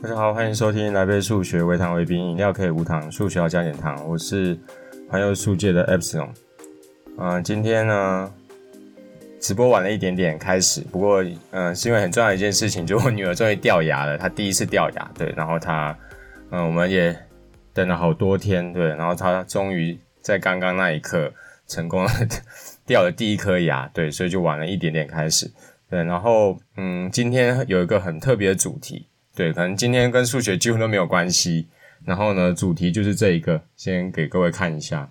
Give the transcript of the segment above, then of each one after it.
大家好，歡迎收聽來杯數學，微糖微冰，飲料可以無糖，數學要加點糖。我是環遊數界的 Epsilon。嗯，今天呢，直播晚了一點點開始，不過嗯，是因為很重要的一件事情，就我女兒終於掉牙了，她第一次掉牙，對，然後她嗯，我們也等了好多天，對，然後她終於在剛剛那一刻成功了，掉了第一顆牙，對，所以就晚了一點點開始，對，然後嗯，今天有一個很特別的主題。對，可能今天跟數學幾乎都沒有關係。然後呢，主題就是這一個，先給各位看一下。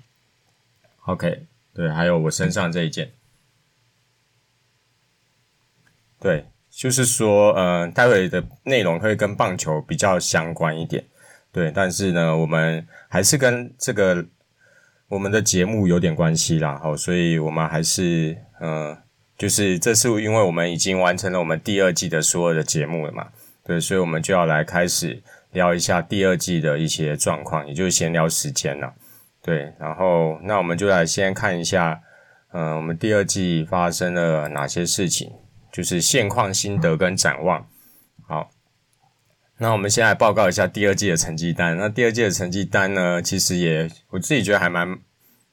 OK，對，還有我身上這一件，對，就是說，呃，待會的內容會跟棒球比較相關一點，對。但是呢，我們還是跟這個我們的節目有點關係啦，好，所以我們還是，嗯、呃，就是這次因為我們已經完成了我們第二季的所有的節目了嘛。對，所以，我們就要來開始聊一下第二季的一些狀況，也就是閒聊時間了。對，然後，那我們就來先看一下，嗯、呃，我們第二季發生了哪些事情，就是現況、心得跟展望。好，那我們先來報告一下第二季的成績單。那第二季的成績單呢，其實也我自己覺得還蠻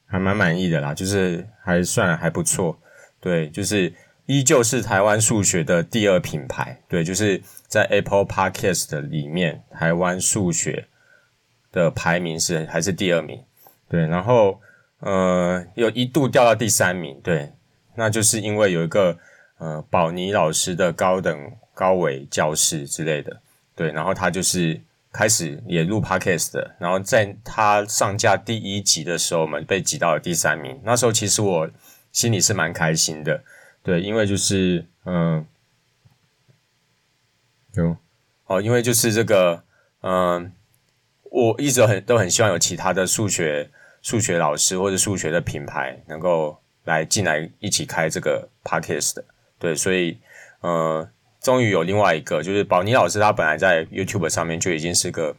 還蠻滿意的啦，就是還算還不錯。對，就是依舊是台灣數學的第二品牌。對，就是。在 Apple Podcast 裡面，台灣數學的排名是還是第二名，對。然後，呃，有一度掉到第三名，對。那就是因為有一個呃，寶妮老師的高等高維教室之類的，對。然後他就是開始也錄 Podcast，然後在他上架第一集的時候，我們被擠到了第三名。那時候其實我心裡是蠻開心的，對，因為就是嗯。呃有哦，因為就是這個，嗯、呃，我一直很都很希望有其他的數學數學老師或者數學的品牌能夠來進來一起開這個 podcast，對，所以呃，終於有另外一個，就是寶妮老師，他本來在 YouTube 上面就已經是個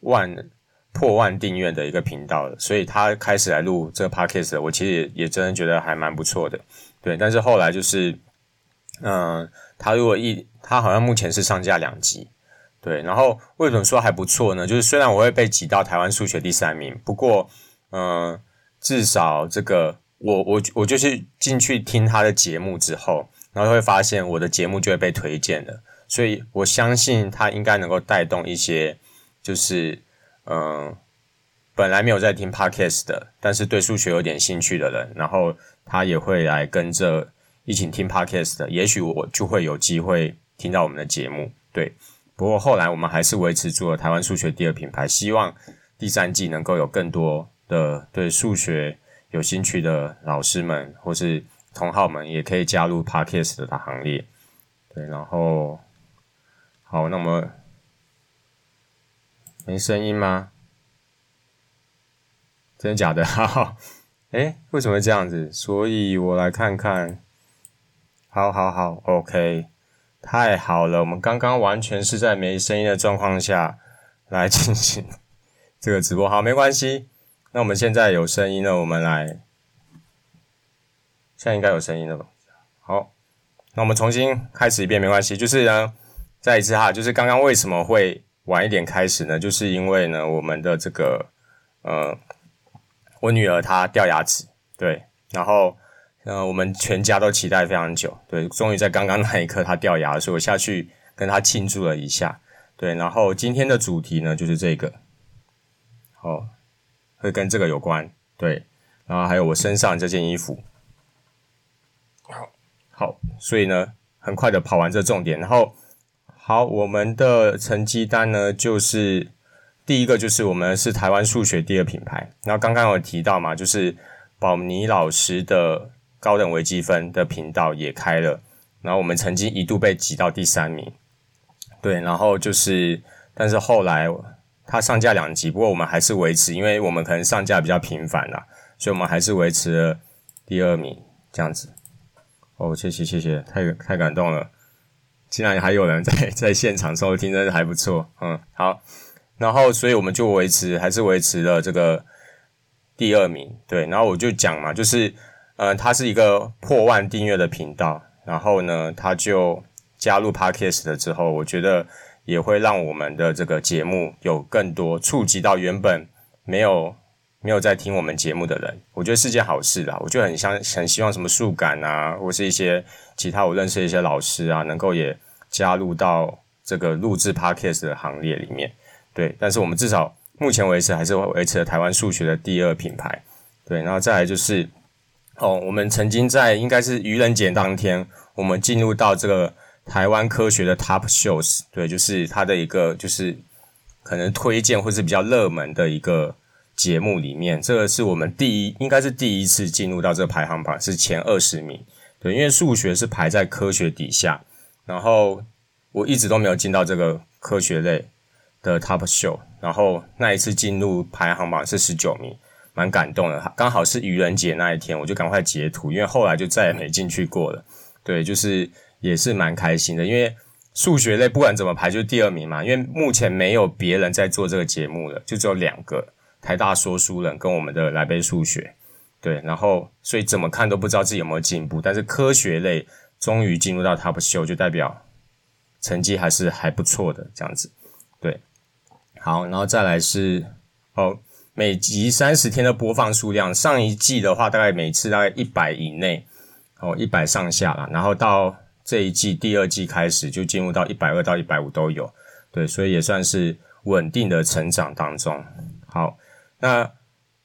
萬破萬訂閱的一個頻道了，所以他開始來錄這個 podcast，我其實也也真的覺得還蠻不錯的，對，但是後來就是嗯。呃他如果一，他好像目前是上架兩集，對。然後為什麼說還不錯呢？就是雖然我會被擠到台灣數學第三名，不過，嗯、呃，至少這個我我我就是進去聽他的節目之後，然後會發現我的節目就會被推薦了，所以我相信他應該能夠帶動一些，就是嗯、呃，本來沒有在聽 podcast 的，但是對數學有點興趣的人，然後他也會來跟着。一起聽 Podcast 的，也許我就會有機會聽到我們的節目。對，不過後來我們還是維持住了台灣數學第二品牌，希望第三季能夠有更多的對數學有興趣的老師們或是同好們也可以加入 Podcast 的行列。對，然後好，那麼沒聲音嗎？真的假的？哈哈，哎，為什麼會這樣子？所以我來看看。好好好，OK，太好了，我們剛剛完全是在沒聲音的狀況下，來進行這個直播，好，沒關係。那我們現在有聲音了，我們來，現在應該有聲音了吧？好，那我們重新開始一遍，沒關係。就是呢，再一次哈，就是剛剛為什麼會晚一點開始呢？就是因為呢，我們的這個，呃，我女兒她掉牙齒，對，然後。那我們全家都期待非常久，對，終於在剛剛那一刻他掉牙了，所以我下去跟他慶祝了一下，對，然後今天的主題呢就是這個，哦，會跟這個有關，對，然後還有我身上這件衣服，好，好，所以呢，很快的跑完這重點，然後，好，我們的成績單呢就是第一個就是我們是台灣數學第二品牌，然後剛剛有提到嘛，就是寶尼老師的。高等微積分的頻道也開了，然後我們曾經一度被擠到第三名，對，然後就是，但是後來它上架兩集，不過我們還是維持，因為我們可能上架比較頻繁啦，所以我們還是維持了第二名這樣子。哦，謝謝謝謝，太太感動了，竟然還有人在在現場收聽，真的還不錯。嗯，好，然後所以我們就維持，還是維持了這個第二名。對，然後我就講嘛，就是。嗯，他、呃、是一個破萬訂閱的頻道，然後呢，他就加入 Podcast 之後，我覺得也會讓我們的這個節目有更多觸及到原本沒有沒有在聽我們節目的人，我覺得是件好事啦，我就很想很希望什麼數感啊，或是一些其他我認識的一些老師啊，能夠也加入到這個錄製 Podcast 的行列裡面。對，但是我們至少目前為止還是維持了台灣數學的第二品牌。對，然後再來就是。哦，oh, 我們曾經在應該是愚人節當天，我們進入到這個台灣科學的 Top Shows，對,就是它的一個就是可能推薦或是比較熱門的一個節目裡面，這個是我們第一，應該是第一次進入到這個排行榜是前二十名，對，因為數學是排在科學底下，然後我一直都沒有進到這個科學類的 Top Show，然後那一次進入排行榜是十九名。蠻感動的，剛好是愚人節那一天，我就趕快截圖，因為後來就再也沒進去過了。對，就是也是蠻開心的，因為數學類不管怎麼排就第二名嘛，因為目前沒有別人在做這個節目了，就只有兩個台大說書人跟我們的來杯數學。對，然後所以怎麼看都不知道自己有沒有進步，但是科學類終於進入到 Top Show，就代表成績還是還不錯的這樣子。對，好，然後再來是哦。每集三十天的播放數量，上一季的話大概每次大概一百以內，哦，一百上下啦。然後到這一季第二季開始就進入到一百二到一百五都有，對，所以也算是穩定的成長當中。好，那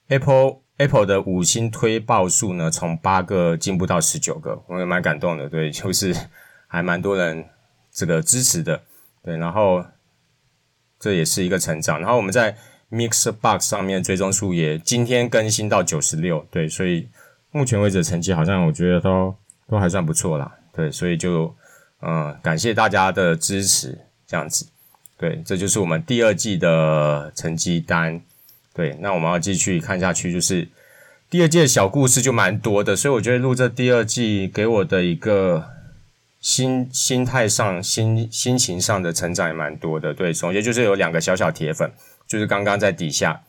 Apple Apple 的五星推爆數呢，從八個進步到十九個，我也蠻感動的，對，就是還蠻多人這個支持的，對，然後這也是一個成長。然後我們在。MixerBox 上面追蹤數也今天更新到九十六，對，所以目前為止成績好像我覺得都都還算不錯啦，對，所以就嗯感謝大家的支持，這樣子，對，這就是我們第二季的成績單，對，那我們要繼續看下去，就是第二季的小故事就蠻多的，所以我覺得錄這第二季給我的一個心心態上心心情上的成長也蠻多的，對，總結就是有兩個小小鐵粉。就是剛剛在底下，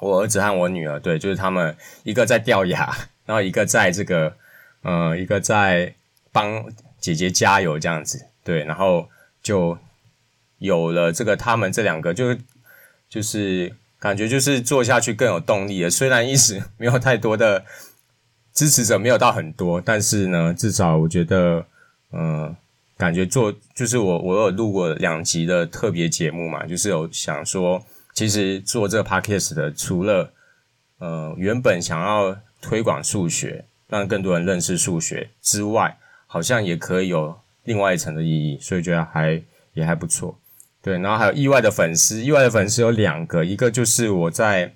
我兒子和我女兒，對，就是他們一個在掉牙，然後一個在這個，嗯，一個在幫姐姐加油這樣子，對，然後就有了這個他們這兩個就，就就是感覺就是做下去更有動力了。雖然一直沒有太多的支持者，沒有到很多，但是呢，至少我覺得，嗯，感覺做就是我我有錄過兩集的特別節目嘛，就是有想說。其實做這個 podcast 的，除了呃原本想要推廣數學，讓更多人認識數學之外，好像也可以有另外一層的意義，所以覺得還也還不錯。對，然後還有意外的粉絲，意外的粉絲有兩個，一個就是我在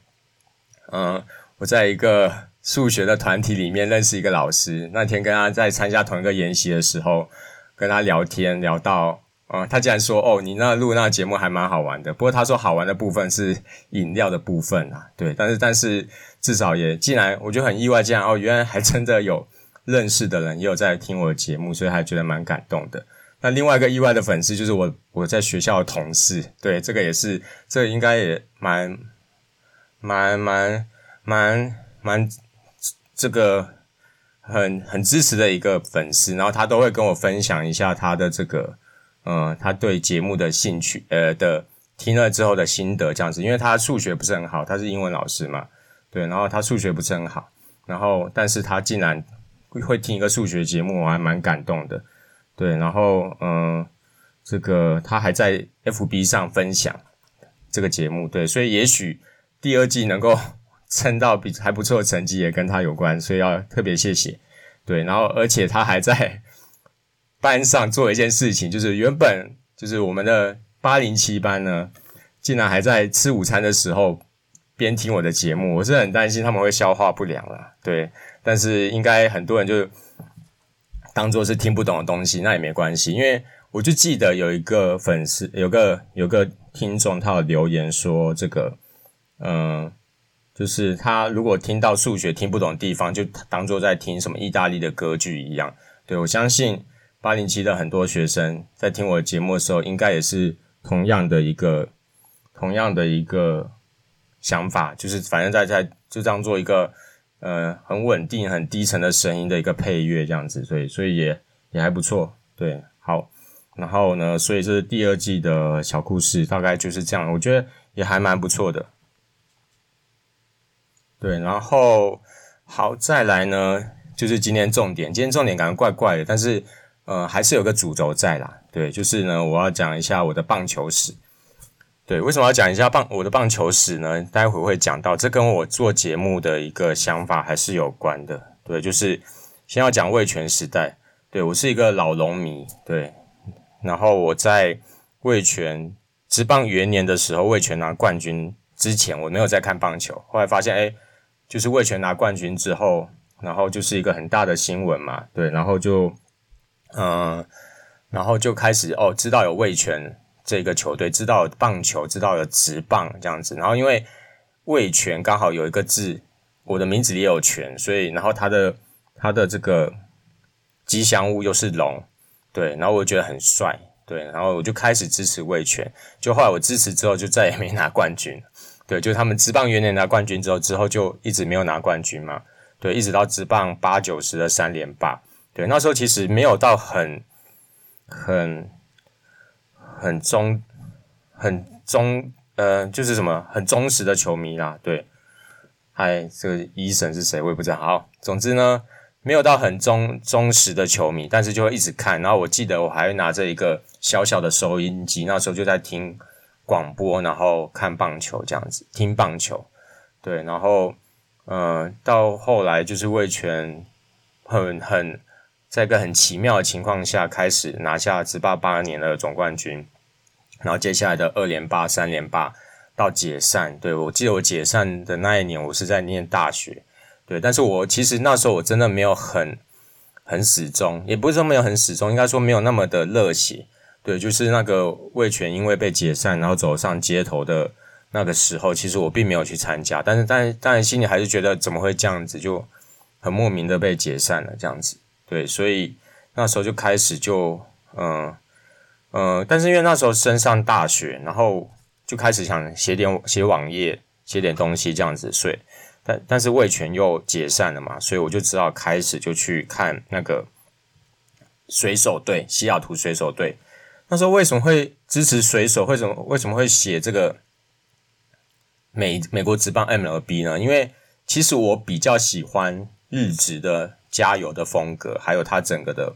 嗯、呃、我在一個數學的團體裡面認識一個老師，那天跟他在參加同一個研習的時候，跟他聊天聊到。啊、嗯，他竟然說哦，你那錄那節目還蠻好玩的。不過他說好玩的部分是飲料的部分啊，對。但是但是至少也，竟然我就很意外，竟然哦，原來還真的有認識的人也有在聽我的節目，所以還覺得蠻感動的。那另外一個意外的粉絲就是我，我在學校的同事，對，這個也是，這個，應該也蠻蠻蠻蠻蠻這個很很支持的一個粉絲，然後他都會跟我分享一下他的這個。嗯，他對節目的興趣，呃的聽了之後的心得這樣子，因為他數學不是很好，他是英文老師嘛，對，然後他數學不是很好，然後但是他竟然會聽一個數學節目，我還蠻感動的，對，然後嗯，這個他還在 FB 上分享這個節目，對，所以也許第二季能夠撐到比還不錯的成績也跟他有關，所以要特別謝謝，對，然後而且他還在。班上做一件事情，就是原本就是我們的807班呢，竟然還在吃午餐的時候邊聽我的節目，我是很擔心他們會消化不良啦，對，但是應該很多人就當做是聽不懂的東西，那也沒關係，因為我就記得有一個粉絲，有個有個聽眾，他有留言說這個，嗯，就是他如果聽到數學聽不懂的地方，就當做在聽什麼意大利的歌劇一樣，對，我相信。八零七的很多學生在聽我的節目的時候，應該也是同樣的一個同樣的一個想法，就是反正在在就這樣做一個呃很穩定很低沉的聲音的一個配樂這樣子，所以所以也也還不錯，對，好，然後呢，所以這是第二季的小故事，大概就是這樣，我覺得也還蠻不錯的，對，然後好再來呢，就是今天重點，今天重點感覺怪怪的，但是。呃，還是有個主軸在啦，對，就是呢，我要講一下我的棒球史。對，為什麼要講一下棒我的棒球史呢？待會會講到，這跟我做節目的一個想法還是有關的。對，就是先要講味全時代。對，我是一個老龍迷。對，然後我在味全職棒元年的時候，味全拿冠軍之前，我沒有在看棒球。後來發現，誒就是味全拿冠軍之後，然後就是一個很大的新聞嘛。對，然後就。嗯，然後就開始哦，知道有味全這個球隊，知道有棒球，知道有職棒這樣子。然後因為味全剛好有一個字，我的名字裡也有權，所以然後他的他的這個吉祥物又是龍，對，然後我覺得很帥，對，然後我就開始支持味全。就後來我支持之後，就再也沒拿冠軍，對，就他們職棒元年拿冠軍之後，之後就一直沒有拿冠軍嘛，對，一直到職棒八九十的三連霸。對，那時候其實沒有到很、很、很忠、很忠，呃，就是什麼很忠實的球迷啦。對，嗨，這個醫生是誰我也不知道。好，總之呢，沒有到很忠忠實的球迷，但是就會一直看。然後我記得我還會拿着一個小小的收音機，那時候就在聽廣播，然後看棒球這樣子，聽棒球。對，然後，呃，到後來就是味全，很很。在一個很奇妙的情況下，開始拿下職棒八年的總冠軍，然後接下來的二連霸、三連霸到解散。對，我記得我解散的那一年，我是在念大學。對，但是我其實那時候我真的沒有很很始終，也不是說沒有很始終，應該說沒有那麼的熱血。對，就是那個味全因為被解散，然後走上街頭的那個時候，其實我並沒有去參加，但是但但是心裡還是覺得怎麼會這樣子，就很莫名的被解散了這樣子。對，所以那時候就開始就嗯嗯、呃呃，但是因為那時候升上大學，然後就開始想寫點寫網頁、寫點東西這樣子，所以但但是味全又解散了嘛，所以我就只好開始就去看那個水手隊、西雅圖水手隊。那時候為什麼會支持水手？為什麼為什麼會寫這個美美國職棒 MLB 呢？因為其實我比較喜歡日職的。加油的風格，還有它整個的，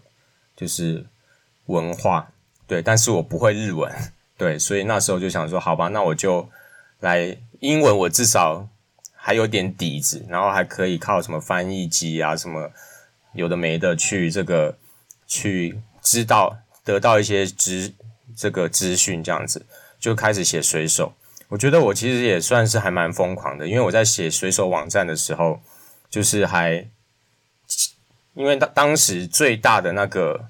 就是文化，對。但是我不會日文，對，所以那時候就想說，好吧，那我就來英文，我至少還有點底子，然後還可以靠什麼翻譯機啊，什麼有的沒的去這個去知道得到一些知這個資訊，這樣子就開始寫水手。我覺得我其實也算是還蠻瘋狂的，因為我在寫水手網站的時候，就是還。因為當當時最大的那個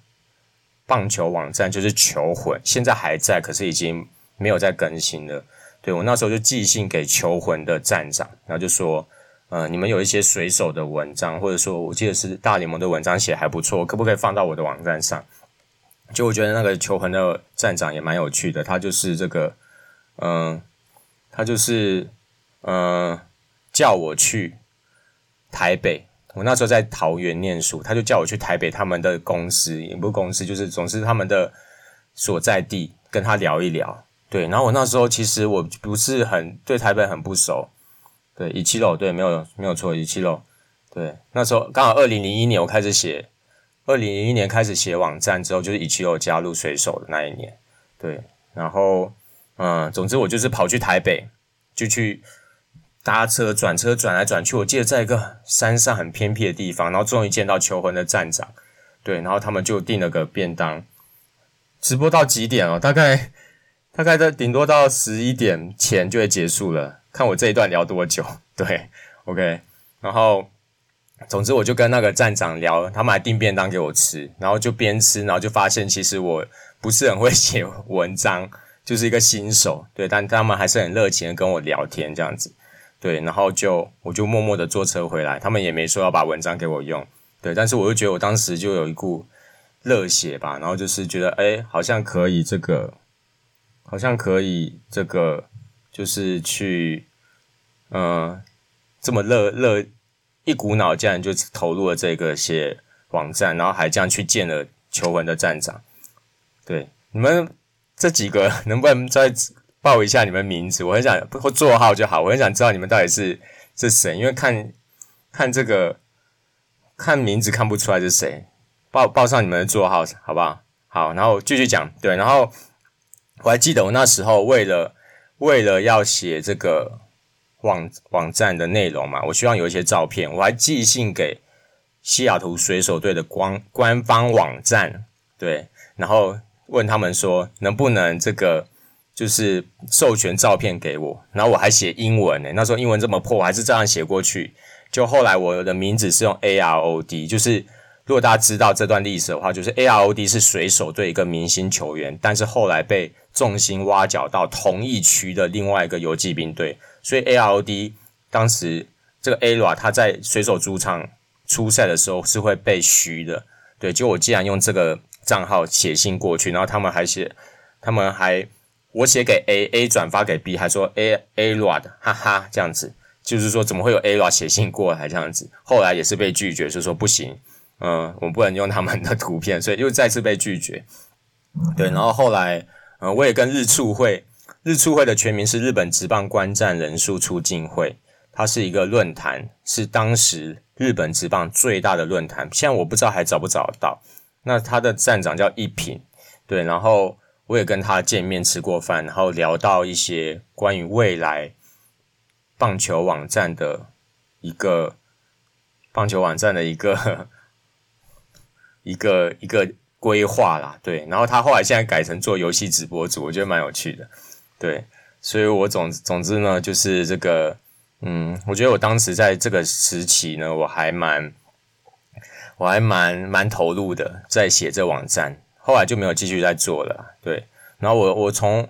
棒球網站就是球魂，現在還在，可是已經沒有再更新了。對，我那時候就寄信給球魂的站長，然後就說：“呃，你們有一些水手的文章，或者說我記得是大聯盟的文章寫得還不錯，可不可以放到我的網站上？”就我覺得那個球魂的站長也蠻有趣的，他就是這個，嗯、呃，他就是嗯、呃，叫我去台北。我那時候在桃園念書，他就叫我去台北他們的公司，也不是公司，就是總之他們的所在地跟他聊一聊。對，然後我那時候其實我不是很對台北很不熟。對，Ichiro，對，沒有沒有錯，Ichiro。對，那時候剛好二零零一年我開始寫，二零零一年開始寫網站之後，就是 Ichiro 加入水手的那一年。對，然後嗯，總之我就是跑去台北，就去。搭車轉車轉來轉去，我記得在一個山上很偏僻的地方，然後終於見到求婚的站長，對，然後他們就訂了個便當，直播到幾點哦？大概大概在頂多到十一點前就會結束了。看我這一段聊多久？對，OK。然後總之我就跟那個站長聊，他們還訂便當給我吃，然後就邊吃，然後就發現其實我不是很會寫文章，就是一個新手，對，但他們還是很熱情的跟我聊天這樣子。對，然後就我就默默地坐車回來，他們也沒說要把文章給我用。對，但是我就覺得我當時就有一股熱血吧，然後就是覺得誒，好像可以這個，好像可以這個，就是去嗯、呃、這麼熱熱一股腦，這樣就投入了這個寫網站，然後還這樣去見了求文的站長。對，你們這幾個能不能在？報一下你們名字，我很想，或座號就好，我很想知道你們到底是是誰，因為看看這個看名字看不出來是誰，報報上你們的座號，好不好？好，然後繼續講，對，然後我還記得我那時候為了為了要寫這個網網站的內容嘛，我希望有一些照片，我還寄信給西雅圖水手隊的官官方網站，對，然後問他們說能不能這個。就是授權照片給我，然後我還寫英文誒、欸，那時候英文這麼破，我還是這樣寫過去。就後來我的名字是用 A R O D，就是如果大家知道這段歷史的話，就是 A R O D 是水手隊一個明星球員，但是後來被重金挖角到同一區的另外一個遊騎兵隊，所以 A R O D 當時這個 A R 他在水手主場出賽的時候是會被噓的。對，就我既然用這個賬號寫信過去，然後他們還寫，他們還。我寫給 A，A 轉發給 B，還說 A，A-Rod，哈哈，這樣子，就是說怎麼會有 A-Rod 寫信過來這樣子？後來也是被拒絕，就說不行，嗯、呃，我不能用他們的圖片，所以又再次被拒絕。對，然後後來，呃，我也跟日促會，日促會的全名是日本職棒觀戰人數促進會，它是一個論壇，是當時日本職棒最大的論壇。現在我不知道還找不找得到。那他的站長叫一品，對，然後。我也跟他見面吃過飯，然後聊到一些關於未來棒球網站的一個棒球網站的一個一個一個規劃啦，對。然後他後來現在改成做遊戲直播主，我覺得蠻有趣的，對。所以我總總之呢，就是這個，嗯，我覺得我當時在這個時期呢，我還蠻我還蠻蠻投入的，在寫這網站。後來就沒有繼續再做了，對。然後我我從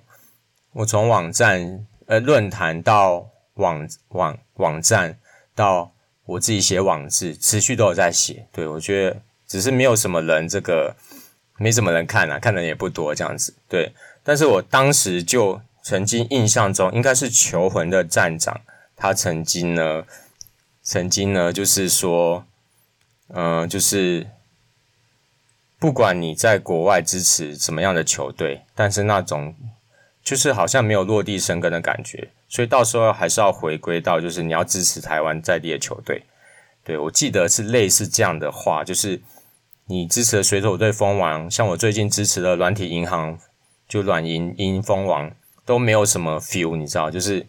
我從網站呃論壇到網網網站到我自己寫網誌，持續都有在寫，對。我覺得只是沒有什麼人這個沒什麼人看啊，看的人也不多這樣子，對。但是我當時就曾經印象中，應該是求魂的站長，他曾經呢，曾經呢就是說，嗯、呃，就是。不管你在國外支持什麼樣的球隊，但是那種就是好像沒有落地生根的感覺，所以到時候還是要回歸到就是你要支持台灣在地的球隊。對，我記得是類似這樣的話，就是你支持了水手隊封王，像我最近支持的軟體銀行，就軟銀、銀封王都沒有什麼 feel，你知道，就是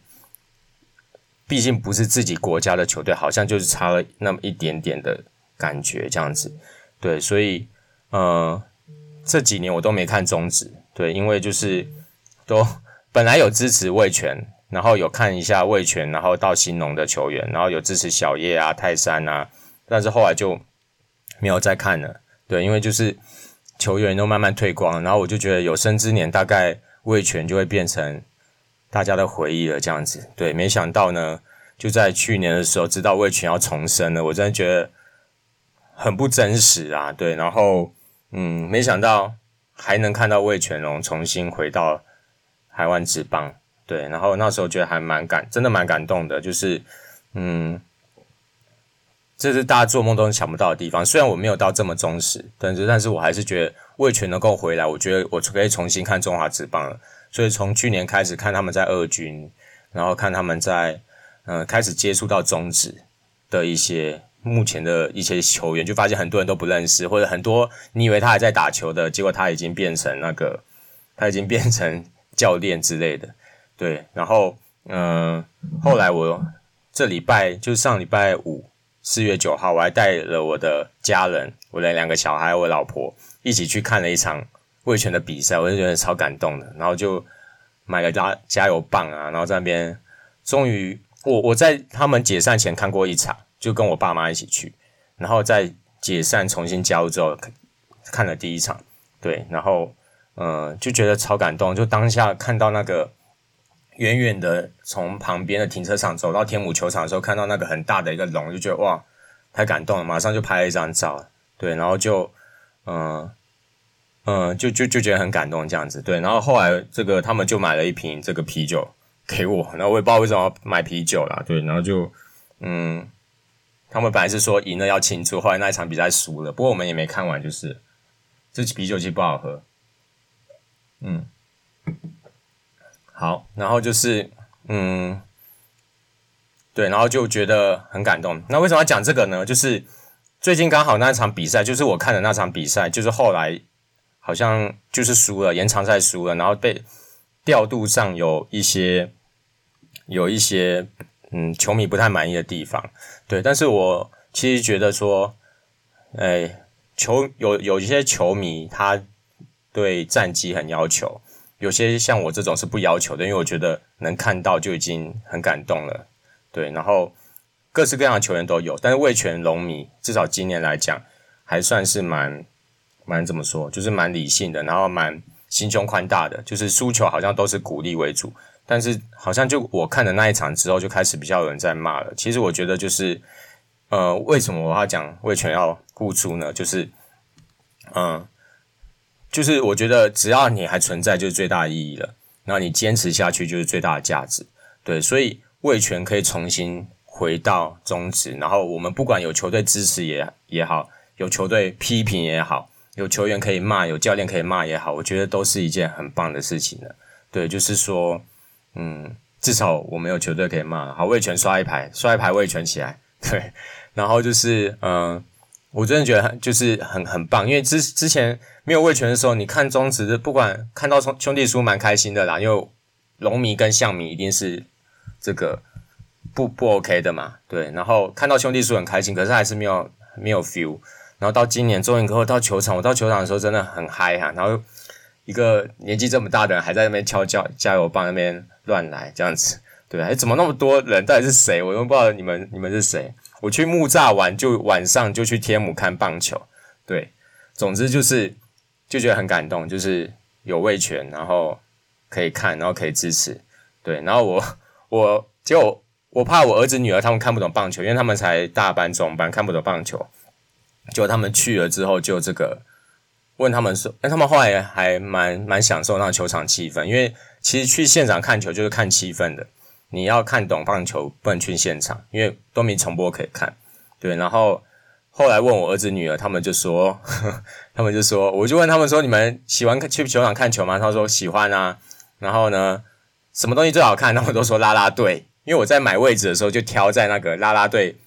畢竟不是自己國家的球隊，好像就是差了那麼一點點的感覺這樣子。對，所以。嗯、呃，這幾年我都沒看中職，對，因為就是都本來有支持味全，然後有看一下味全，然後到興農的球員，然後有支持小葉啊、泰山啊，但是後來就沒有再看了，對，因為就是球員都慢慢退光，然後我就覺得有生之年大概味全就會變成大家的回憶了這樣子，對，沒想到呢，就在去年的時候知道味全要重生了，我真的覺得。很不真實啊，對，然後，嗯，沒想到還能看到味全龍重新回到台灣職棒，對，然後那時候覺得還蠻感，真的蠻感動的，就是，嗯，這是大家做夢都想不到的地方。雖然我沒有到這麼忠實，但是，但是我還是覺得味全能夠回來，我覺得我可以重新看中華職棒了。所以從去年開始看他們在二軍，然後看他們在，嗯、呃，開始接觸到中職的一些。目前的一些球員，就發現很多人都不認識，或者很多你以為他還在打球的，結果他已經變成那個，他已經變成教練之類的。對，然後嗯、呃，後來我這禮拜就上禮拜五，四月九號，我還帶了我的家人，我的兩個小孩，我老婆一起去看了一場味全的比賽，我就覺得超感動的。然後就買了加加油棒啊，然後在那邊，終於我我在他們解散前看過一場。就跟我爸媽一起去，然後在解散重新加入之後，看了第一場，對，然後嗯、呃，就覺得超感動，就當下看到那個遠遠的從旁邊的停車場走到天母球場的時候，看到那個很大的一個龍，就覺得哇，太感動了，馬上就拍了一張照，對，然後就嗯嗯、呃呃，就就就覺得很感動這樣子，對，然後後來這個他們就買了一瓶這個啤酒給我，然後我也不知道為什麼要買啤酒啦，對，然後就嗯。他們本來是說贏了要慶祝，後來那一場比賽輸了，不過我們也沒看完，就是這啤酒雞不好喝。嗯，好，然後就是嗯，對，然後就覺得很感動。那為什麼要講這個呢？就是最近剛好那場比賽，就是我看的那場比賽，就是後來好像就是輸了，延長賽輸了，然後被調度上有一些有一些嗯球迷不太滿意的地方。對，但是我其實覺得說，誒、哎、球有有一些球迷他對戰績很要求，有些像我這種是不要求的，因為我覺得能看到就已經很感動了。對，然後各式各樣的球員都有，但是味全龍迷，至少今年來講還算是蠻蠻怎麼說，就是蠻理性的，然後蠻心胸寬大的，就是輸球好像都是鼓勵為主。但是好像就我看的那一場之後，就開始比較有人在罵了。其實我覺得就是，呃，為什麼我要講味全要顧住呢？就是，嗯、呃，就是我覺得只要你還存在，就是最大意義了。那你堅持下去，就是最大的價值。對，所以味全可以重新回到中職。然後我們不管有球隊支持也也好，有球隊批評也好，有球員可以罵，有教練可以罵也好，我覺得都是一件很棒的事情呢。對，就是說。嗯，至少我沒有球隊可以罵，好，味全刷一排，刷一排味全起來，對。然後就是，嗯、呃，我真的覺得就是很很棒，因為之之前沒有味全的時候，你看中職，不管看到兄兄弟輸蠻開心的啦。因為龍迷跟象迷一定是這個不不 OK 的嘛，對。然後看到兄弟輸很開心，可是還是沒有沒有 feel。然後到今年終於可以到球場，我到球場的時候真的很嗨哈、啊，然後。一個年紀這麼大的人還在那邊敲叫加油棒，那邊亂來這樣子，對哎，怎麼那麼多人？到底是誰？我都不知道你們你們是誰？我去木柵玩，就晚上就去天母看棒球，對。總之就是就覺得很感動，就是有味全，然後可以看，然後可以支持，對。然後我我就我怕我兒子女兒他們看不懂棒球，因為他們才大班中班看不懂棒球，就他們去了之後就這個。問他們說：“哎，他們後來還蠻蠻享受那球場氣氛，因為其實去現場看球就是看氣氛的。你要看懂棒球，不能去現場，因為都沒重播可以看。對，然後後來問我兒子女兒，他們就說呵，他們就說，我就問他們說：你們喜歡去球場看球嗎？他說喜歡啊。然後呢，什麼東西最好看？他們都說啦啦隊，因為我在買位置的時候就挑在那個啦啦隊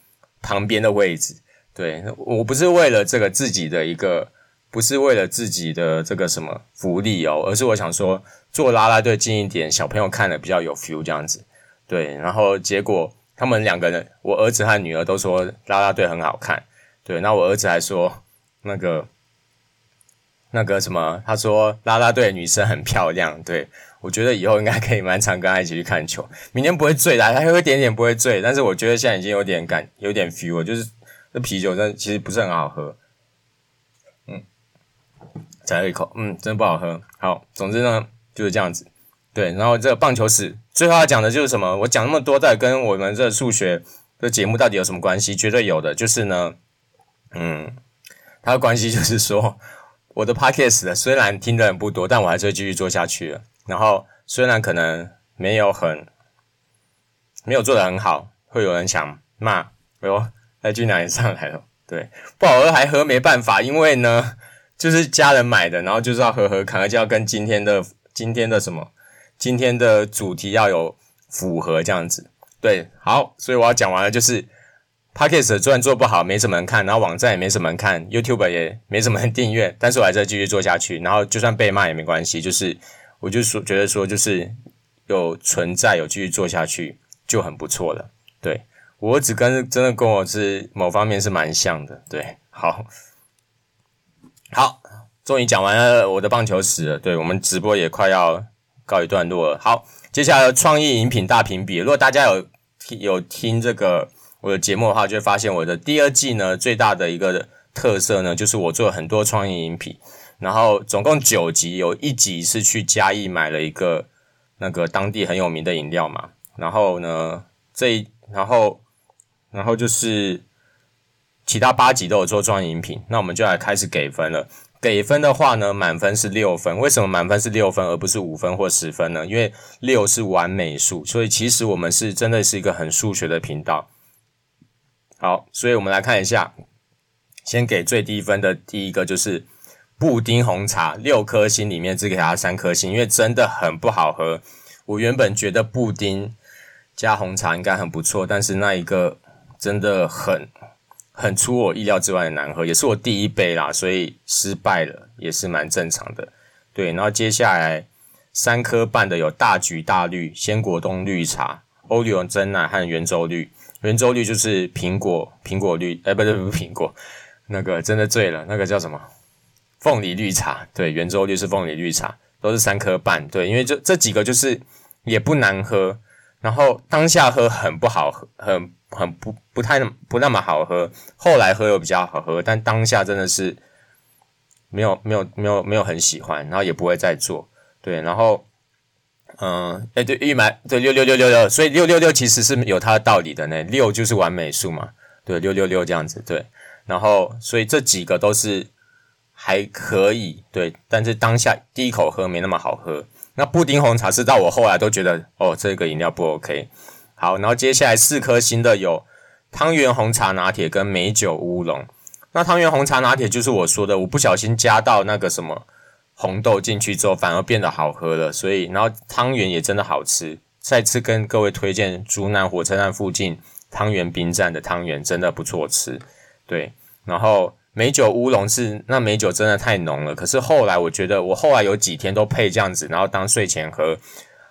旁邊的位置。對，我不是為了這個自己的一個。”不是為了自己的這個什麼福利哦，而是我想說做拉拉隊近一點，小朋友看了比較有 feel 這樣子，對。然後結果他們兩個人，我兒子和女兒都說拉拉隊很好看，對。那我兒子還說那個那個什麼，他說拉拉隊的女生很漂亮，對，我覺得以後應該可以蠻常跟他一起去看球。明天不會醉啦，他喝一點點不會醉，但是我覺得現在已經有點感，有點 feel 了，就是這啤酒真的其實不是很好喝。才喝一口，嗯，真的不好喝。好，總之呢，就是這樣子。對，然後這個棒球史最後要講的就是什麼？我講那麼多的跟我們這數學的節目到底有什麼關係？絕對有的。就是呢，嗯，它的關係就是說，我的 podcast 雖然聽的人不多，但我還是會繼續做下去了。然後雖然可能沒有很，沒有做得很好，會有人想罵，哎呦，那句哪也上來了。對，不好喝還喝沒辦法，因為呢。就是家人買的，然後就是要合合看，就要跟今天的今天的什麼今天的主題要有符合這樣子。對，好，所以我要講完了，就是 Podcast 雖然做不好，沒什麼人看，然後網站也沒什麼人看，YouTube 也沒什麼人訂閱，但是我還在繼續做下去，然後就算被罵也沒關係，就是我就說覺得說就是有存在有繼續做下去就很不錯了。對，我只跟真的跟我是某方面是蠻像的。對，好。好，終於講完了我的棒球史了，對，我們直播也快要告一段落了。好，接下來的創意飲品大評比。如果大家有有聽這個我的節目的話，就會發現我的第二季呢，最大的一個特色呢，就是我做了很多創意飲品。然後總共九集，有一集是去嘉義買了一個那個當地很有名的飲料嘛。然後呢，這一，然後然後就是。其他八集都有做創意飲品，那我們就來開始給分了。給分的話呢，滿分是六分。為什麼滿分是六分而不是五分或十分呢？因為六是完美數，所以其實我們是真的是一個很數學的頻道。好，所以我們來看一下，先給最低分的第一個就是布丁紅茶，六顆星裡面只給他三顆星，因為真的很不好喝。我原本覺得布丁加紅茶應該很不錯，但是那一個真的很。很出我意料之外的難喝，也是我第一杯啦，所以失敗了也是蠻正常的。對，然後接下來三顆半的有大橘大綠、鮮果凍綠茶、歐麗永珍奶和圓周綠。圓周綠就是蘋果蘋果綠，哎，不對不對，蘋果，那個真的醉了，那個叫什麼？鳳梨綠茶。對，圓周綠是鳳梨綠茶，都是三顆半。對，因為就這幾個就是也不難喝，然後當下喝很不好喝，很。很不不太不那麼好喝，後來喝又比較好喝，但當下真的是沒有沒有沒有沒有很喜歡，然後也不會再做。對，然後嗯，哎對，玉麥對六六六六六，66, 所以六六六其實是有它的道理的呢。六就是完美數嘛，對六六六這樣子對。然後所以這幾個都是還可以對，但是當下第一口喝沒那麼好喝。那布丁紅茶是到我後來都覺得哦，這個飲料不 OK。好，然後接下來四顆星的有湯圓紅茶拿鐵跟美酒烏龍。那湯圓紅茶拿鐵就是我說的，我不小心加到那個什麼紅豆進去之後，反而變得好喝了。所以，然後湯圓也真的好吃，再次跟各位推薦竹南火車站附近湯圓冰站的湯圓，真的不錯吃。對，然後美酒烏龍是那美酒真的太濃了，可是後來我覺得我後來有幾天都配這樣子，然後當睡前喝，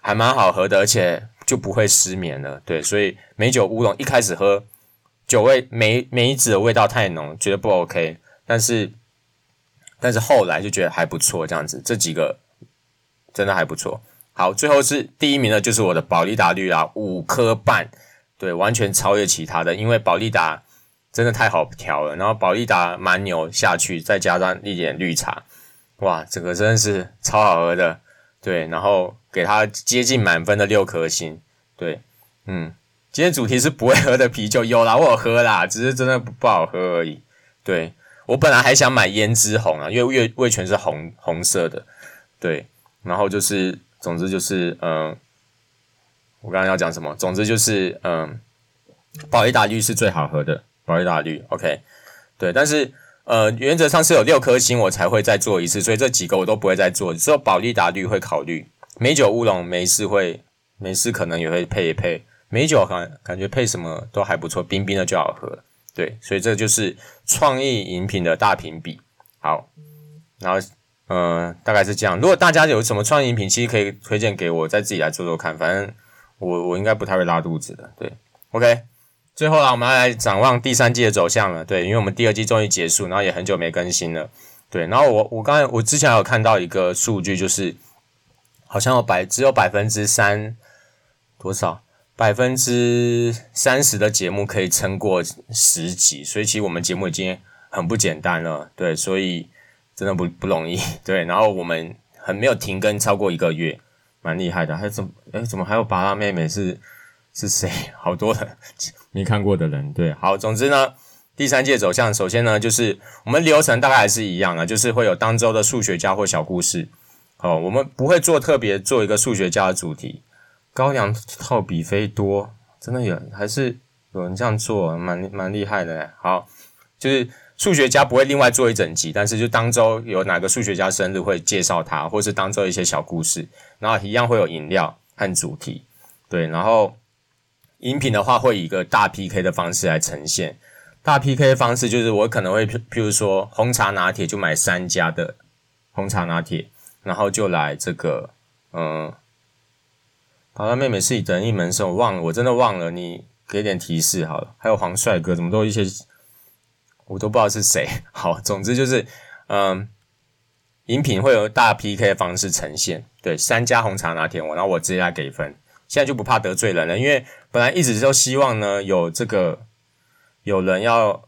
還蠻好喝的，而且。就不會失眠了，對，所以美酒烏龍一開始喝，酒味梅梅子的味道太濃，覺得不 OK，但是但是後來就覺得還不錯，這樣子，這幾個真的還不錯。好，最後是第一名的，就是我的保力達綠啊，五顆半，對，完全超越其他的，因為保力達真的太好調了，然後保力達蠻牛下去，再加上一點綠茶，哇，這個真的是超好喝的，對，然後。給它接近滿分的六顆星，對，嗯，今天主題是不會喝的啤酒，有啦，我有喝啦，只是真的不不好喝而已，對。我本來還想買胭脂紅啊，因為味味全是紅紅色的，對，然後就是，總之就是，嗯、呃，我剛剛要講什麼？總之就是，嗯、呃，保力達綠是最好喝的，保力達綠，OK，對，但是呃，原則上是有六顆星我才會再做一次，所以這幾個我都不會再做，只有保力達綠會考慮。美酒烏龍沒事會，沒事可能也會配一配。美酒感感覺配什麼都還不錯，冰冰的就好喝。對，所以這就是創意飲品的大評比。好，然後嗯、呃，大概是這樣。如果大家有什麼創意飲品，其實可以推薦給我，再自己來做做看。反正我我應該不太會拉肚子的。對，OK。最後啊，我們要來展望第三季的走向了。對，因為我們第二季終於結束，然後也很久沒更新了。對，然後我我剛才我之前有看到一個數據，就是。好像有百只有百分之三多少百分之三十的節目可以撐過十集，所以其實我們節目已經很不簡單了，對，所以真的不不容易，對。然後我們很沒有停更超過一個月，蠻厲害的。還有怎麼誒怎麼還有爸爸妹妹是是誰？好多沒看過的人，對。好，總之呢，第三季走向，首先呢就是我們流程大概還是一樣的，就是會有當周的數學家或小故事。哦，我們不會做特別做一個數學家的主題，高粱套比非多真的有，還是有人這樣做，蠻蠻厲害的。好，就是數學家不會另外做一整集，但是就當周有哪個數學家生日會介紹他，或是當周一些小故事，然後一樣會有飲料和主題，對，然後飲品的話會以一個大 PK 的方式來呈現，大 PK 的方式就是我可能會，譬，譬如說紅茶拿鐵就買三家的紅茶拿鐵。然後就來這個，嗯，把他妹妹是你得意門生，我忘了，我真的忘了，你給點提示好了。還有黃帥哥，怎麼都一些，我都不知道是誰。好，總之就是，嗯，飲品會有大 PK 的方式呈現。對，三家紅茶拿鐵，我然後我直接來給分，現在就不怕得罪人了，因為本來一直都希望呢有這個有人要。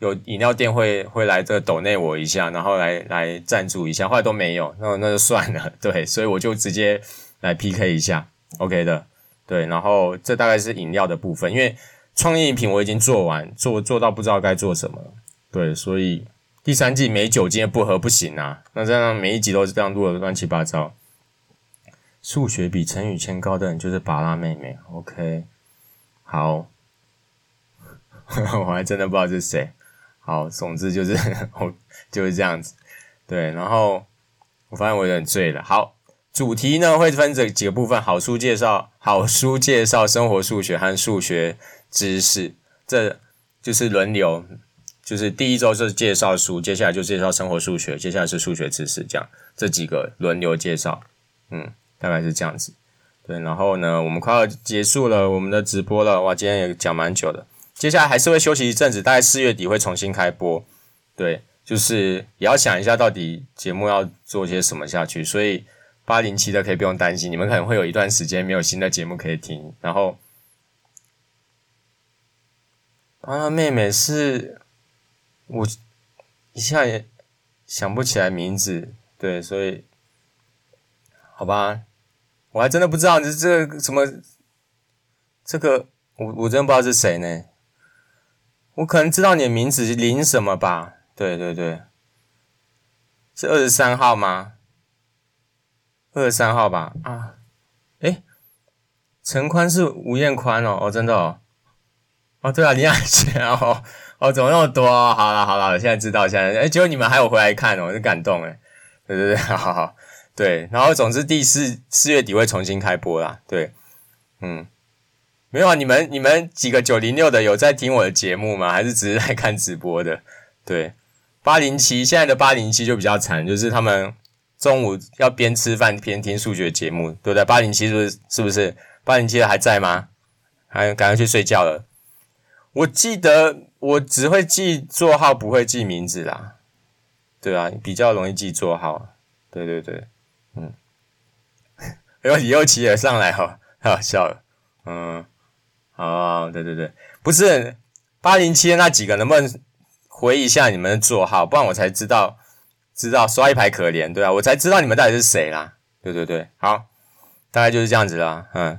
有飲料店會會來這抖內我一下，然後來來贊助一下，後來都沒有，那那就算了，對，所以我就直接來 PK 一下，OK 的，對，然後這大概是飲料的部分，因為創意飲品我已經做完，做做到不知道該做什麼，對，所以第三季沒酒精不喝不行啊，那這樣每一集都是這樣錄的亂七八糟。數學比陳宇謙高的人就是巴拉妹妹，OK，好， 我還真的不知道是誰。好，總之就是我就是這樣子，對。然後我發現我有點醉了。好，主題呢會分這幾個部分：好書介紹、好書介紹、生活數學和數學知識。這就是輪流，就是第一周是介紹書，接下來就介紹生活數學，接下來是數學知識，這樣這幾個輪流介紹，嗯，大概是這樣子。對，然後呢，我們快要結束了，我們的直播了。哇，今天也講蠻久的。接下來還是會休息一陣子，大概四月底會重新開播，對，就是也要想一下到底節目要做些什麼下去。所以八零七的可以不用擔心，你們可能會有一段時間沒有新的節目可以聽。然後，啊，妹妹是，我一下也想不起來名字，對，所以，好吧，我還真的不知道這這個什麼，這個我我真的不知道是誰呢。我可能知道你的名字是林什麼吧？對對對，是二十三號嗎？二十三號吧？啊，哎，陳寬是吳彥寬哦，哦，真的哦，哦，對啊，林雅琪，哦哦，怎麼那麼多？哦、好了好了，我現在知道現在，哎，結果你們還有回來看哦，就感動哎，對對對，好好好對，然後總之第四四月底會重新開播啦，對，嗯。沒有啊，你們你們幾個九零六的有在聽我的節目嗎？還是只是在看直播的？對，八零七現在的八零七就比較慘，就是他們中午要邊吃飯邊聽數學節目，對不對？八零七是不是是不是？八零七的還在嗎？還趕快去睡覺了。我記得我只會記座號，不會記名字啦。對啊，比較容易記座號。對對對，嗯。 哎呦，李又奇也上來哈、哦，太好笑了。嗯。哦，對對對，不是八零七那幾個，能不能回憶一下你們的座號？不然我才知道，知道刷一排可憐，對啊，我才知道你們到底是誰啦。對對對，好，大概就是這樣子啦。嗯，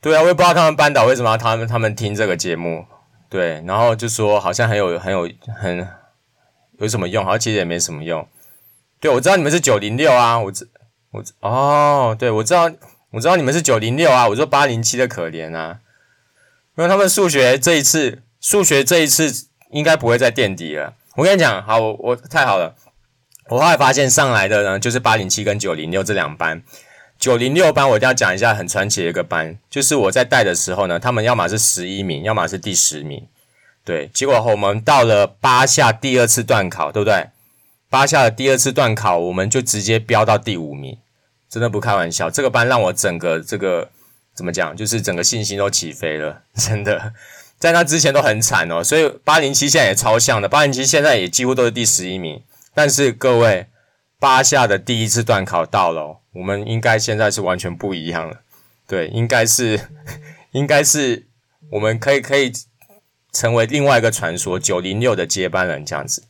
對啊，我也不知道他們班導為什麼要他們他們，他們聽這個節目，對，然後就說好像很有很有很有什麼用，好像其實也沒什麼用。對，我知道你們是九零六啊，我知我知哦，對，我知道。我知道你們是九零六啊，我說八零七的可憐啊，因為他們數學這一次，數學這一次應該不會再墊底了。我跟你講，好，我太好了，我後來發現上來的呢就是八零七跟九零六這兩班。九零六班我一定要講一下很傳奇的一個班，就是我在帶的時候呢，他們要麼是十一名，要麼是第十名，對。結果我們到了八下第二次段考，對不對？八下的第二次段考，我們就直接飆到第五名。真的不開玩笑，這個班讓我整個這個怎麼講，就是整個信心都起飛了，真的。在那之前都很慘哦，所以八零七現在也超像的，八零七現在也幾乎都是第十一名。但是各位，八下的第一次段考到了哦，我們應該現在是完全不一樣了，對，應該是應該是我們可以可以成為另外一個傳說，九零六的接班人這樣子。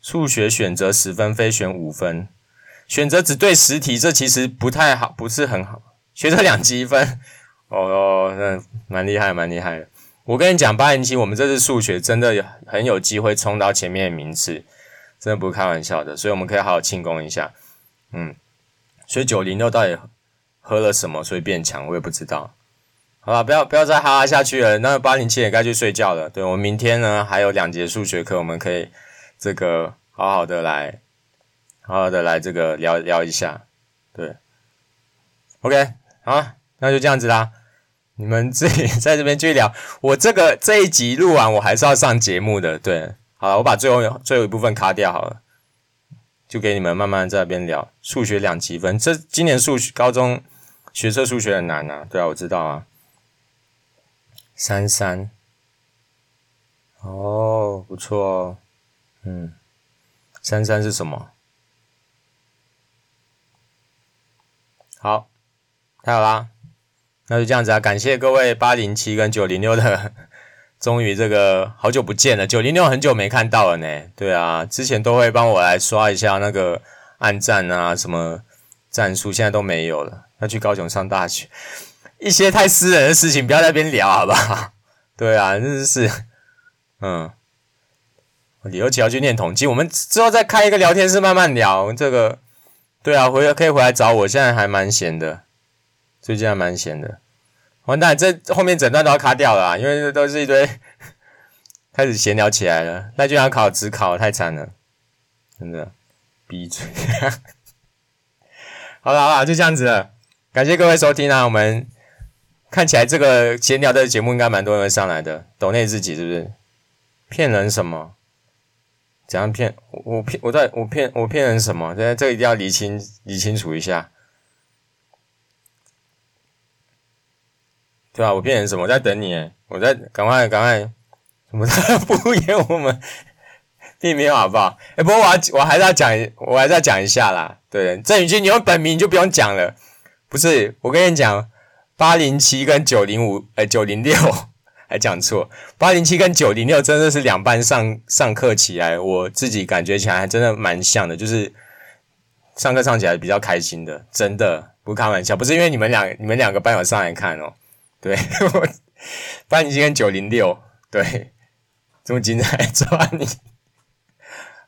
數學選擇十分，非選五分。選擇只對十題，這其實不太好，不是很好。選擇兩級分，哦，那、哦、蠻厲害的，蠻厲害的。我跟你講，八零七，我們這次數學真的有很有機會衝到前面的名次，真的不是開玩笑的。所以我們可以好好慶功一下，嗯。所以九零六到底喝了什麼，所以變強，我也不知道。好了，不要不要再哈拉下去了。那八零七也該去睡覺了。對，我們明天呢，還有兩節數學課，我們可以這個好好的來。好好的來這個聊聊一下，對，OK，好，那就這樣子啦。你們自己在這邊繼續聊。我這個這一集錄完，我還是要上節目的。對，好了，我把最後最後一部分卡掉好了，就給你們慢慢在那邊聊。數學兩級分，這今年數學高中學測數學很難吶、啊。對啊，我知道啊。三三，哦，不錯哦，嗯，三三是什麼？好，太好了，那就這樣子啊！感謝各位八零七跟九零六的，終於這個好久不見了，九零六很久沒看到了呢。對啊，之前都會幫我來刷一下那個按讚啊，什麼戰術，現在都沒有了。要去高雄上大學，一些太私人的事情不要在那邊聊，好吧？對啊，真是，嗯，理由只要去念統計，我們之後再開一個聊天室慢慢聊這個。對啊，回可以回來找我，現在還蠻閒的，最近還蠻閒的。完蛋，這後面整段都要卡掉了，啊，因為都是一堆開始閒聊起來了。那就要考，只考太慘了，真的，閉嘴准。 好了好了，就這樣子了。感謝各位收聽啊，我們看起來這個閒聊的節目應該蠻多人會上來的，鬥內自己是不是？騙人什麼？怎樣騙我？騙我，我在我騙我騙人什麼？現在這個一定要理清，理清楚一下，對吧，啊？我騙人什麼？我在等你，我在趕快、趕快，怎麼 敷衍我們？並沒有好不好？哎、欸，不過我我還是要講，我還是要講一下啦。對，鄭宇君，你用本名就不用講了。不是，我跟你講，八零七跟九零五，哎，九零六。還講錯，八零七跟九零六真的是兩班上上課起來，我自己感覺起來還真的蠻像的，就是上課上起來比較開心的，真的不開玩笑，不是因為你們兩你們兩個班有上來看哦，對，八零七跟九零六，對，這麼精彩抓你，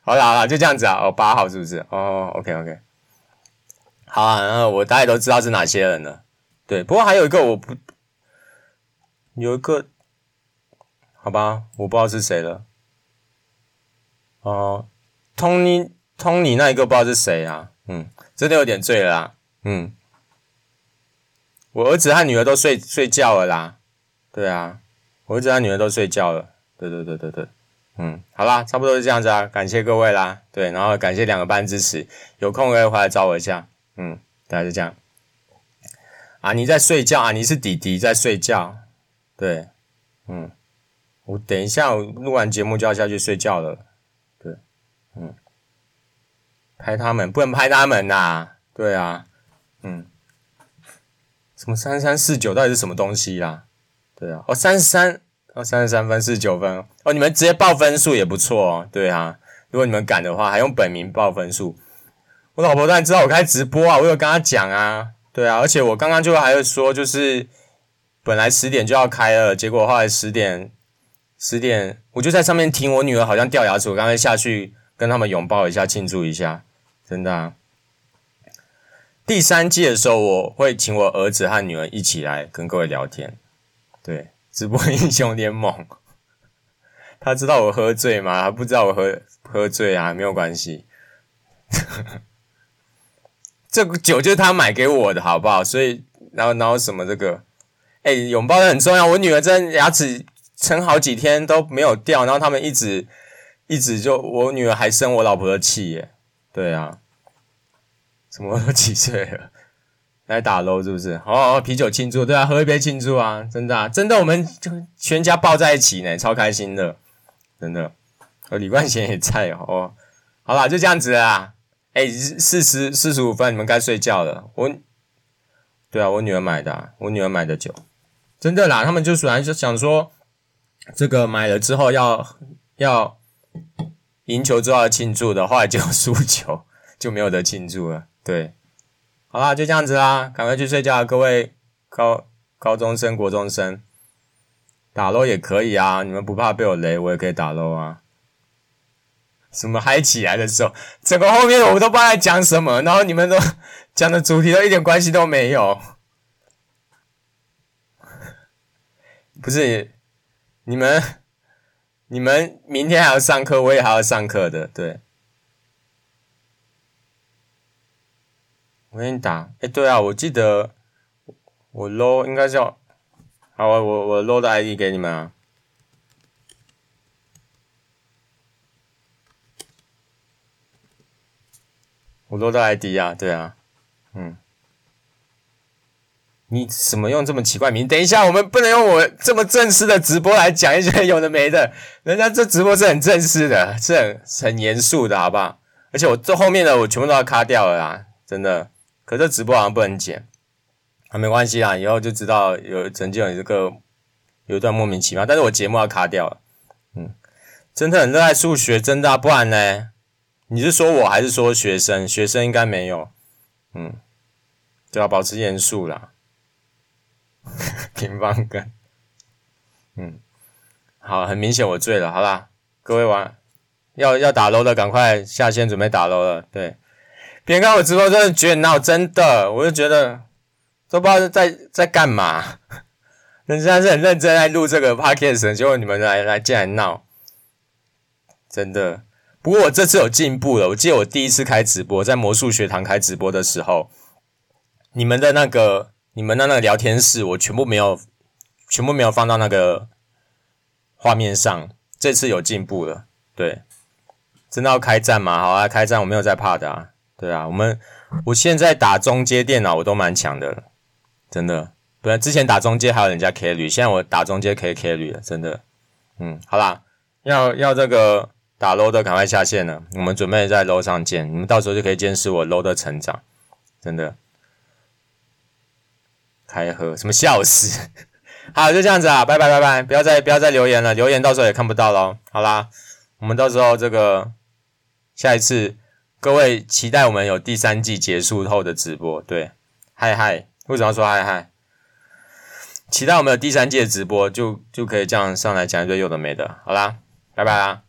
好了好了，就這樣子啊，哦八號是不是？哦，OK OK，好啊，那我大概都知道是哪些人了，對，不過還有一個我不有一個。好吧，我不知道是誰了。哦，通你通你那一個不知道是誰啊？嗯，真的有點醉了啦。嗯，我兒子和女兒都睡睡覺了啦。對啊，我兒子和女兒都睡覺了。對對對對對，嗯，好啦，差不多是這樣子啊。感謝各位啦，對，然後感謝兩個班支持，有空可以回來找我一下。嗯，大家就這樣。啊，你在睡覺啊？你是弟弟在睡覺？對，嗯。我等一下，我錄完節目就要下去睡覺了。對，嗯，拍他們不能拍他們吶。對啊，嗯，什麼三三四九到底是什麼東西啦？對啊，哦，三十三，哦，三十三分四十九分。哦，你們直接報分數也不錯哦。對啊，如果你們敢的話，還用本名報分數。我老婆當然知道我開直播啊，我有跟她講啊。對啊，而且我剛剛就還有說，就是本來十點就要開了，結果後來十點。十點，我就在上面聽我女兒好像掉牙齒。我剛才下去跟他們擁抱一下，慶祝一下，真的啊。第三季的時候，我會請我兒子和女兒一起來跟各位聊天。對，直播英雄聯盟。 他知道我喝醉嗎？他不知道我喝喝醉啊，沒有關係。 這個酒就是他買給我的，好不好？所以，然後，然後什麼這個？哎、欸，擁抱得很重要。我女兒真牙齒。撐好幾天都沒有掉，然後他們一直一直就我女兒還生我老婆的氣耶，對啊，什麼都幾歲了？來打咯，是不是？哦、oh, 好，oh, 啤酒慶祝，對啊，喝一杯慶祝啊，真的啊，真的，我們就全家抱在一起呢，超開心的，真的。呃、哦，李冠賢也在哦，oh, 好了，就這樣子啊，哎、欸，四十四十五分，你們該睡覺了。我，對啊，我女兒買的，啊，我女兒買的酒，真的啦，他們就喜歡就想說。這個買了之後要要贏球之後慶祝的話就，就輸球就沒有得慶祝了。對，好啦，就這樣子啦，趕快去睡覺，各位高高中生、國中生，打漏也可以啊，你們不怕被我雷，我也可以打漏啊。什麼嗨起來的時候，整個後面我都不知道在講什麼，然後你們都講的主題都一點關係都沒有，不是？你們，你們明天還要上課，我也還要上課的，對。我給你打，哎、欸，對啊，我記得我 load 應該叫，好，我我我 load 到 ID 給你們啊，我 load 到 ID 啊，對啊，嗯。你怎麼用這麼奇怪名字？等一下，我們不能用我這麼正式的直播來講一些有的沒的。人家這直播是很正式的，是很很嚴肅的，好不好？而且我這後面的我全部都要卡掉了啦，真的。可這直播好像不能剪，啊，沒關係啦，以後就知道有曾經有一、這個有一段莫名其妙。但是我節目要卡掉了，嗯，真的很熱愛數學，真的、啊、不然呢？你是說我還是說學生？學生應該沒有，嗯，就要、啊、保持嚴肅啦。平方根， 嗯，好，很明顯我醉了，好吧，各位玩要要打樓的趕快下線，準備打樓了。對，別看我直播真的覺得鬧，真的，我就覺得都不知道在在幹嘛。人家是很認真在錄這個 podcast，結果你們來來進來鬧，真的。不過我這次有進步了，我記得我第一次開直播在魔術學堂開直播的時候，你們的那個。你們那那個聊天室，我全部沒有，全部沒有放到那個畫面上。這次有進步了，對，真的要開戰嗎？好啊，開戰，我沒有在怕的啊，對啊，我們我現在打中階電腦我都蠻強的了，真的。不然之前打中階還有人家 K 旅，現在我打中階可以 K 旅了，真的。嗯，好啦，要要這個打 l o 的趕快下線了，我們準備在 l o 上見，你們到時候就可以監視我 l o 的成長，真的。開喝什麼笑死？ 好，就這樣子啊，拜拜拜拜，不要再不要再留言了，留言到時候也看不到咯。好啦，我們到時候這個下一次，各位期待我們有第三季結束後的直播。對，嗨嗨，為什麼要說嗨嗨？期待我們有第三季的直播，就就可以這樣上來講一堆有的沒的。好啦，拜拜啦。